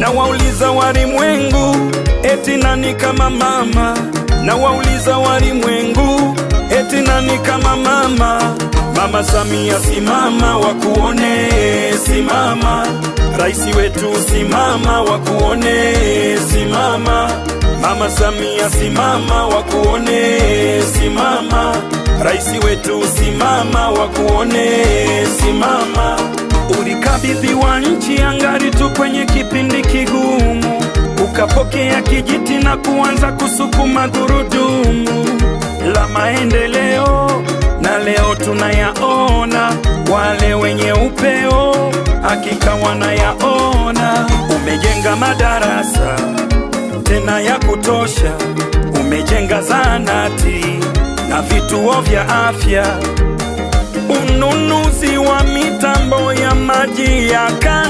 na wauliza walimwengu, eti nani kama mama? Na wauliza walimwengu, eti nani kama mama? Mama Samia simama, wakuone simama. Raisi wetu simama, wakuone simama. Mama Samia simama, wakuone simama. Raisi wetu simama, wakuone simama. Ulikabidhiwa nchi angali tu kwenye kipindi Kapokea kijiti na kuanza kusukuma gurudumu la maendeleo, na leo tunayaona. Wale wenye upeo hakika wanayaona. Umejenga madarasa tena ya kutosha, umejenga zahanati na vituo vya afya, ununuzi wa mitambo ya maji ya